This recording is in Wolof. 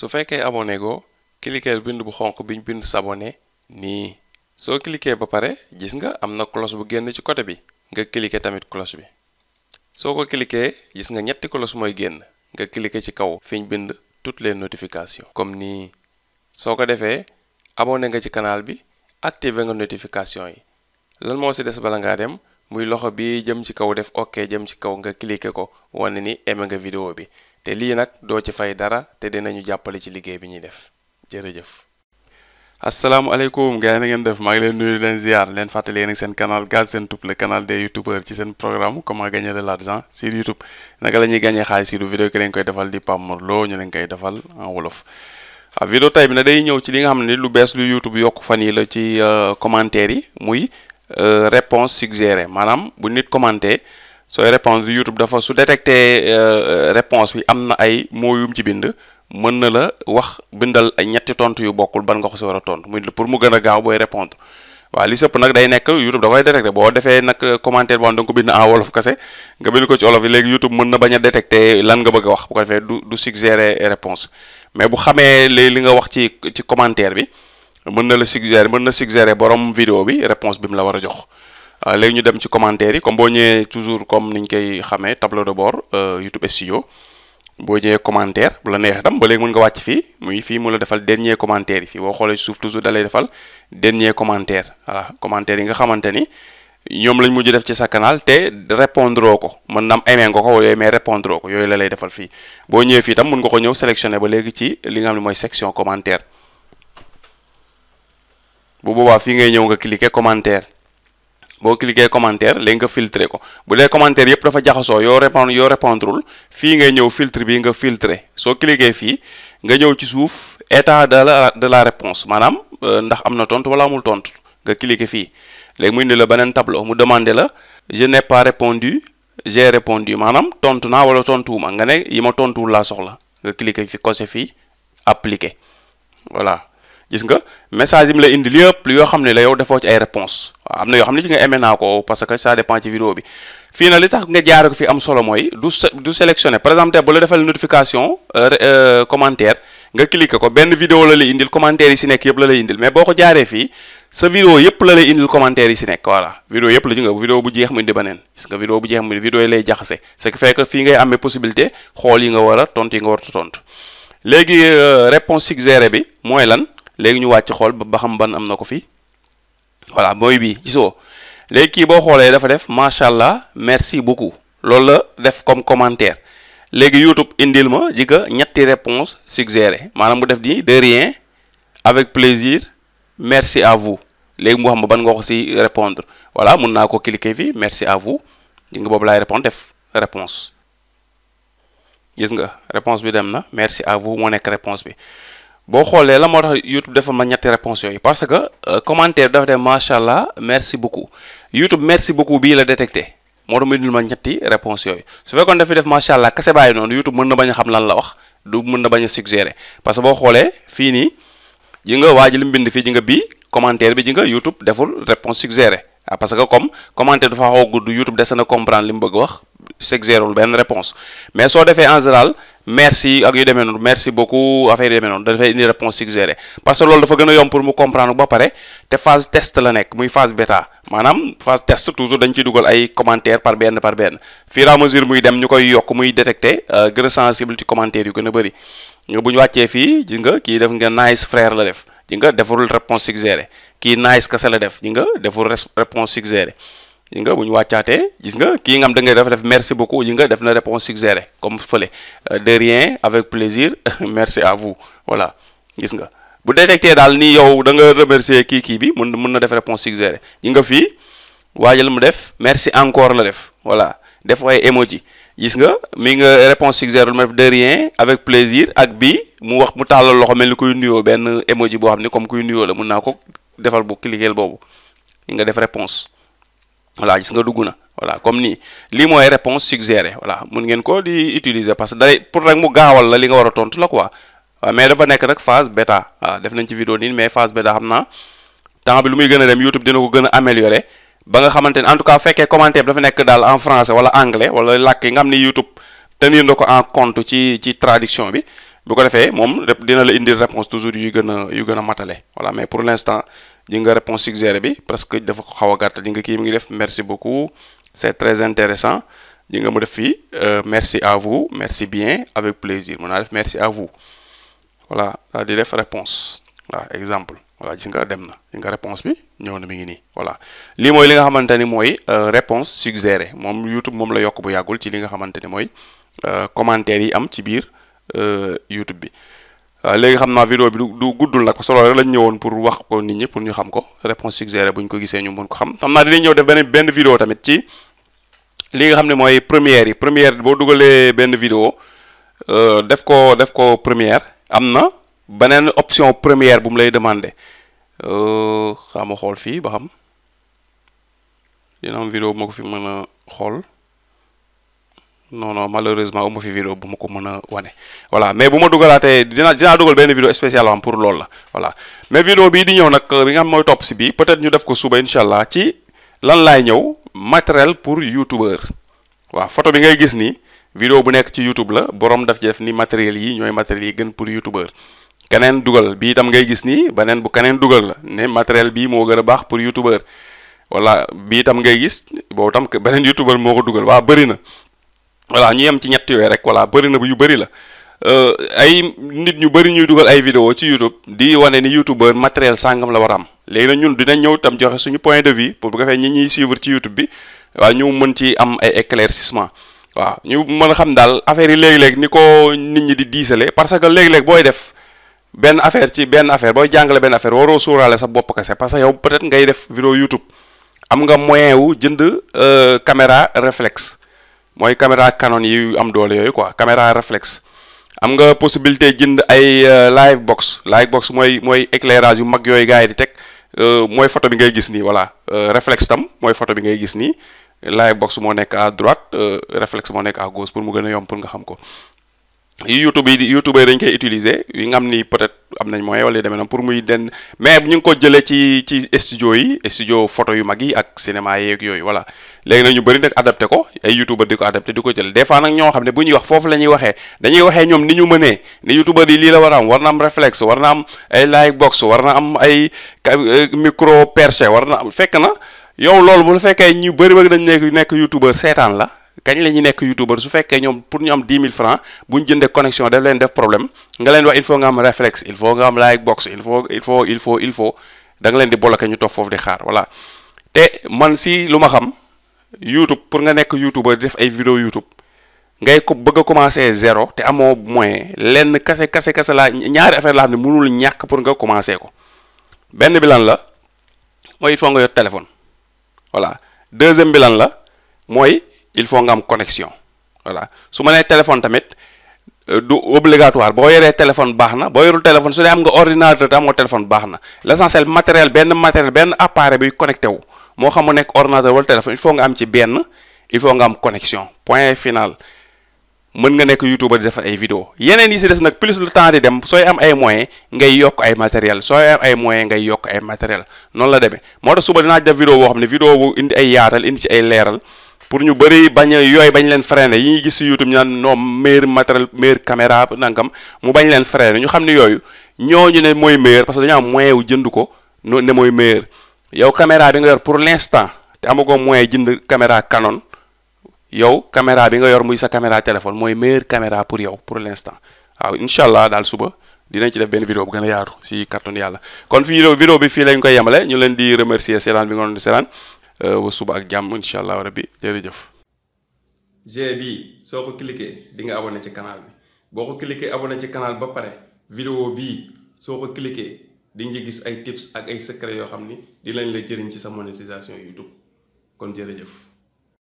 su fekkee abonné go cliquer bind bu xonq biñ bind s'abonner nii soo cliquer ba pare gis nga am na cloche bu génn ci côté bi nga cliquer tamit cloche bi soo ko cliquer gis nga ñetti cloche mooy génn nga cliquer ci kaw fiñ bind toutes les notifications comme nii soo ko defee abonné nga ci kanaal bi activer nga notification yi lan moo ci des bala ngaa dem muy loxo bi jëm ci kaw def ok jëm ci kaw nga cliquer ko wane ni aimé nga vidéo bi te lii nag doo ci fay dara te ñu jàppale ci liggéey bi ñuy def jërëjëf. asalaamaaleykum aleykum yi na ngeen def maa ngi leen nuyu leen ziar leen fàttali yéen seen canal Galsen Tube le canal des youtubeurs ci seen programme comment gagner de l'argent sur youtube naka la ñuy gagner xaalis si du vidéo ki leen koy defal di Pape Mor Lo ñu leen koy defal en wolof. waaw ah, vidéo tey bi nag day ñëw ci li nga xam ne lu bees lu youtube yokk fa yi la ci euh, commentaire yi muy euh, réponse suggérée maanaam bu nit commenté. sooy répondre YouTube dafa su détecté euh, réponse bi am na ay mots yum ci bind mën na la wax bindal ay ñetti tontu yu bokkul ban nga ko si war a tontu muy pour mu gën a gaaw booy répondre waa li sëpp nag day nekk YouTube da koy détecté boo defee nag euh, commentaire boo xam da nga ko bind en wolof kese nga bind ko ci wolof yi léegi YouTube mën na bañ a détecté lan nga bëgg a wax bu ko defee du du suggérer mais bu xamee li li nga wax ci ci commentaire bi mën na la suggérer mën na suggérer borom vidéo bi réponse bi mu la war a jox Euh, léegi ñu dem ci commentaire yi comme boo ñëwee toujours comme niñ koy xamee tableau de bord euh, YouTube Studio boo ñëwee commentaire bu la neex tam ba léegi mun nga wàcc fii muy fii mu la defal dernier commentaire yi fii boo xoolee suuf toujours defal dernier commentaire voilà commentaire yi nga xamante ni ñoom lañ mujj def ci sa canal te répondre ko mën na am aimé nga ko yooyu mais répondre ko yooyu la lay defal fii boo ñëwee fii tam mun nga ko ñëw sélectionné ba léegi ci li nga xam ne mooy section commentaire bu boobaa fii ngay ñëw nga cliquer commentaire boo cliquer commentaire léegi nga filtrer ko bu dee commentaire yëpp dafa jaxasoo yoo répondre yoo répondrewul fii ngay ñëw filtre bi nga filtrer soo cliquer fii nga ñëw ci suuf état de la de la réponse maanaam euh, ndax am na tontu wala amul tontu nga cliquer fii léegi mu indi la beneen tableau mu demandé la je n'ai pas répondu j'ai répondu maanaam tontu naa wala tontuwuma nga ne yi ma tontuwul laa soxla nga cliquer fi coché fii appliquer voilà. gis nga message yi mu lay indil yëpp yoo xam ne la yow defoo ci ay réponse waaw am na yoo xam ne ci nga aimé naa ko parce que ça dépend ci vidéo bi fii na li tax nga jaare ko fi am solo mooy du du par exemple tey ba la defal notification euh, euh, commentaire nga cliqué ko benn vidéo la lay indil commentaire yi si nekk yëpp la la indil mais boo ko jaaree fii sa vidéo yëpp la lay indil commentaire yi si nekk voilà vidéo yëpp la ji nga vidéo bu jeex mu indi beneen gis nga vidéo bu xool yi nga war a tontu yi nga war a tontu léegi euh, réponse suggérée bi mooy lan léegi ñu wàcc xool ba xam ban am na ko fi voilà mooy bii gisoo léegi kii boo xoolee dafa def macha allah merci beaucoup loolu la def comme commentaire léegi YouTube indil ma jika ñetti réponse suggérée maanaam bu def di de rien avec plaisir merci à vous léegi mu xam ma ban nga ko si répondre voilà mun naa ko cliquer fii merci à vous di nga boobu laay répondre def réponse gis nga réponse bi dem na merci à vous moo nekk réponse bi boo xoolee la moo tax YouTube defal ma ñetti réponse yooyu parce que euh, commentaire dafa dem macha allah merci beaucoup YouTube merci beaucoup bii la détecté moo tax mu indil ma ñetti réponse yooyu su fekkoon dafa def macha allah kese bàyyi noonu YouTube mën na bañ a xam lan la wax du mën na bañ a suggérer parce que boo xoolee fii nii ji nga waaj li mu bind fii ji nga bii commentaire bi ji nga YouTube deful réponse suggérée ah, parce que comme commentaire dafa xaw a gudd YouTube na comprendre li mu bëgg wax suggérewul benn réponse mais soo defee en merci ak yu demee noonu merci beaucoup affaire yu demee noonu dafay indi réponse suggérée parce que loolu dafa gën a yomb pour mu comprendre ba pare te phase test la nekk muy phase bêta maanaam phase test toujours dañ ciy dugal ay commentaire par benn par benn fur et à mesure muy dem ñu koy yokk muy détecté euh, gën a sensible ci commentaire yu gën a bëri nga bu ñu wàccee fii ji nga kii def nga nice frère la def ji nga defarul réponse suggérée kii nice se la def ji nga defarul réponse suggérée yi nga bu ñu wàccaatee gis nga kii nga am da ngay def def merci beaucoup yi nga def na réponse suggérée comme fële euh, de rien avec plaisir merci à vous voilà gis nga bu détecté daal ni yow da nga remercier kii kii bi mun mun na def réponse suggérée yi nga fii waajal mu def merci encore la def voilà def ay emoji gis nga mi nga réponse suggérée mu def de rien avec plaisir ak bii mu wax mu tàllal loxo mel ni kuy nuyoo benn emoji boo xam ne comme kuy nuyoo la mun naa ko defal bu cliquer boobu nga def réponse voilà gis nga dugg na voilà comme nii lii mooy réponse suggérée voilà mun ngeen ko di utiliser parce que day pour rek mu gaawal la li nga war a tontu la quoi waaw mais dafa nekk rek phase bêta def nañ ci vidéo nii mais phase bêta xam naa temps bi lu muy gën a dem YouTube dina ko gën a améliorer ba nga xamante ne en tout cas fekkee commentaire bi dafa nekk daal en français wala anglais wala làkk yi nga xam ne YouTube tenir na ko en compte ci ci traduction bi bu ko defee moom dina la indil réponse toujours yu gën a yu gën a matale voilà mais pour l' instant ji nga réponse suggérée bi parce que dafa ko xaw a gàttal ji nga kii mi ngi def merci beaucoup c' est très intéressant ji nga mu def fii euh, merci à vous merci bien avec plaisir mën naa def merci à vous voilà di def réponse waaw exemple voilà gis nga dem na gis nga réponse bi ñëw na mi ngi nii voilà lii mooy li nga xamante ni mooy euh, réponse suggérée moom YouTube moom la yokk bu yàggul ci li nga xamante ni mooy euh, commentaire yi am ci biir Euh, YouTube bi waaw euh, léegi xam naa vidéo bi du du guddul nag solo rek lañ ñëwoon pour wax ko nit ñi pour ñu xam ko réponse suggérée bu ñu ko gisee ñu mën ko xam xam naa dinañ ñëw def benn benn vidéo tamit ci li nga xam ne mooy première yi première boo dugalee benn vidéo euh, def ko def ko première am na beneen option première bu mu lay demande xama xool fii ba xam dina am vidéo bu ma ko fi mën a xool non non malheureusement amu fi vidéo bu ma ko mën a wane voilà mais bu ma dugalaatee dina dinaa dugal benn vidéo spéciale am pour loolu la voilà mais vidéo bii di ñëw nag euh, bi nga xam mooy topp si bi peut-être ñu def ko suba incha allah ci lan laay ñëw matériel pour youtubeur waaw photo bi ngay gis nii vidéo bu nekk ci youtube la borom daf def ni matériel yi ñooy matériel yi gën pour youtubeur keneen dugal bii tam ngay gis nii beneen bu keneen dugal la ne matériel bii moo gën a baax pour youtubeur voilà bi itam ngay gis boobu tam beneen youtubeur moo ko dugal waa bëri na voilà ñu yem ci ñett yooyu rek voilà bëri na bu yu bëri la euh, ay nit ñu bëri ñuy dugal ay vidéo ci YouTube di wane ni youtubeur matériel sàngam la war a am léegi nag ñun dinañ ñëw tam joxe suñu point de vue pour bu ko fee ñi ñuy suivre ci YouTube bi waaw ñu mën ci am ay éclaircissement waaw ñu mën a xam daal affaire yi léegi-léeg ni ko nit ñi di diisale parce que léegi-léeg booy def benn affaire ci benn affaire booy jàngale benn affaire waroo suuraale sa bopp kese parce que yow peut-être ngay def vidéo YouTube am nga moyen wu jënd euh, caméra réflexe mooy caméra Canon yu am doole yooyu quoi caméra réflexe am nga possibilité jënd ay euh, live box live box mooy mooy éclairage yu mag yooyu gars yi di teg euh, mooy photo bi ngay gis nii voilà euh, réflexe tam mooy photo bi ngay gis nii live box moo nekk à droite réflexe moo nekk a gauche pour mu gën a yomb pour nga xam ko yi youtube yi youtube yi dañ koy utiliser yi nga xam ni peut-être am nañ moyen wala yu demee noonu pour muy den mais ñu ngi ko jëlee ci ci studio yi studio photo yu mag yi ak cinéma yeeg yooyu voilà léegi nag ñu bari nag adapté ko ay youtubeur di ko adapté di ko jël des fois nag ñoo xam ne bu ñuy wax foofu la ñuy waxee dañuy waxee ñoom ni ñu mënee ni youtubeur yi lii la war a am war na am réflexe war na am ay like box war na am ay euh, micro perché war na am fekk na yow loolu bu fekkee ñu bëri bëgg dañ nekk nekk youtubeur seetaan la kañ la ñuy nekk youtubeur su fekkee ñoom pour ñu am 10 000 francs bu ñu jëndee connexion daf leen def problème nga leen wax il faut nga am réflexe il faut nga am like box il faut il faut il faut il faut da nga leen di bloqué ñu toog foofu di xaar voilà te man si lu ma xam youtube pour nga nekk youtubeur di def ay vidéo youtube ngay ko bëgg a commencé zéro te amoo moyen lenn kase kase kase laa ñaari affaire laa xam ne mënul ñàkk pour nga commencé ko benn bi lan la mooy il faut nga yor téléphone voilà deuxième bi lan la mooy. il faut nga am connexion voilà su ma nee téléphone tamit euh, du obligatoire boo yoree téléphone baax na boo yorul téléphone su dee am nga ordinateur te amoo téléphone baax na l' essentiel matériel benn matériel benn appareil buy connecté wu moo xam nekk ordinateur wala téléphone il faut nga am ci benn il faut nga am connexion point final mën nga nekk youtube di defar ay vidéo yeneen yi si des nag plus le temps di dem sooy am ay moyens nga yokk ay matériel sooy am ay moyens ngay ay matériel noonu la demee moo tax suba dinaa def vidéo boo xam ne vidéo bu indi ay yaatal indi ci ay leeral pour ñu bëri bañ yooyu bañ leen freiné yi ñuy gis si YouTube ñu naan non meilleur matériel meilleur caméra nangam mu bañ leen freiné ñu xam ne yooyu ñu ne mooy meilleur parce que dañoo am moyen wu jënd ko ne mooy meilleur yow caméra bi nga yor pour l'instant te amagoo moyen jënd caméra Canon yow caméra bi nga yor muy sa caméra téléphone mooy meilleure caméra pour yow pour l'instant waaw incha daal suba dinañ ci def benn vidéo bu gën a yaatu si carton yàlla kon fii vidéo bi fii lañ koy yemale ñu leen di remercier seetaan bi nga ba euh, suba ak jàmm incha allah rabbi jërëjëf. G bi soo ko cliqué di nga abonné ci canal bi boo ko cliqué abonné ci canal ba pare video bi soo ko cliqué di nga gis ay tips ak ay secret yoo xam ni di lañ la jëriñ ci sa yuy YouTube kon jërëjëf.